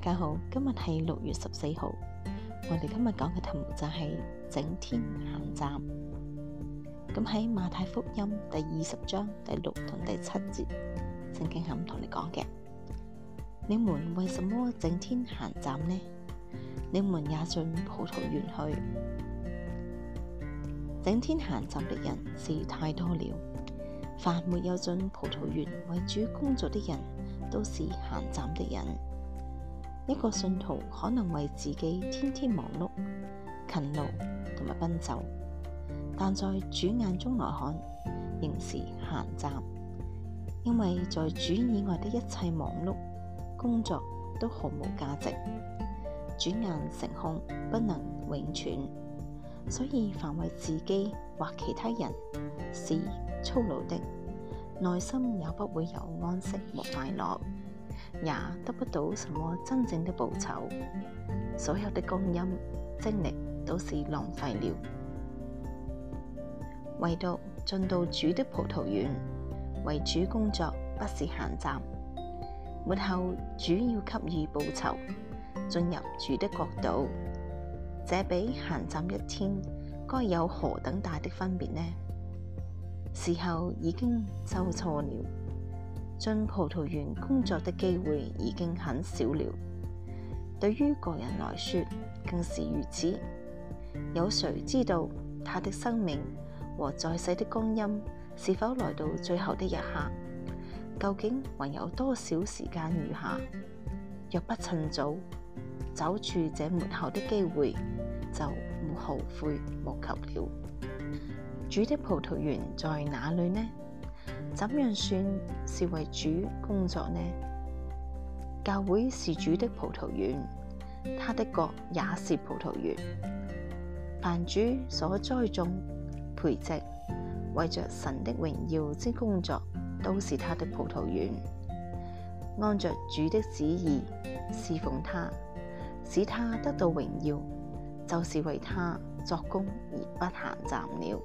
大家好，今日係六月十四號。我哋今日講嘅題目就係整天閒站。咁喺馬太福音第二十章第六同第七節，聖經係同你講嘅。你們為什麼整天閒站呢？你們也進葡萄園去。整天閒站嘅人是太多了。凡沒有進葡萄園為主工作的人，都是閒站的人。一個信徒可能為自己天天忙碌、勤勞同埋奔走，但在主眼中來看，仍是閒站，因為在主以外的一切忙碌工作都毫無價值，轉眼成空，不能永存。所以凡為自己或其他人事操勞的，內心也不會有安息和快樂。也得不到什麼真正的報酬，所有的光陰精力都是浪費了。唯獨進到主的葡萄園為主工作，不是閒站，末後主要給予報酬。進入主的國度，這比閒站一天該有何等大的分別呢？時候已經就錯了。進葡萄園工作的機會已經很少了，對於個人來說更是如此。有誰知道他的生命和在世的光陰是否來到最後的一刻？究竟還有多少時間餘下？若不趁早抓住這門口的機會，就無後悔莫及了。主的葡萄園在哪裏呢？怎樣算是為主工作呢？教會是主的葡萄園，他的國也是葡萄園。凡主所栽種、培植，為着神的榮耀之工作，都是他的葡萄園。按着主的旨意侍奉他，使他得到榮耀，就是為他作工而不閒站了。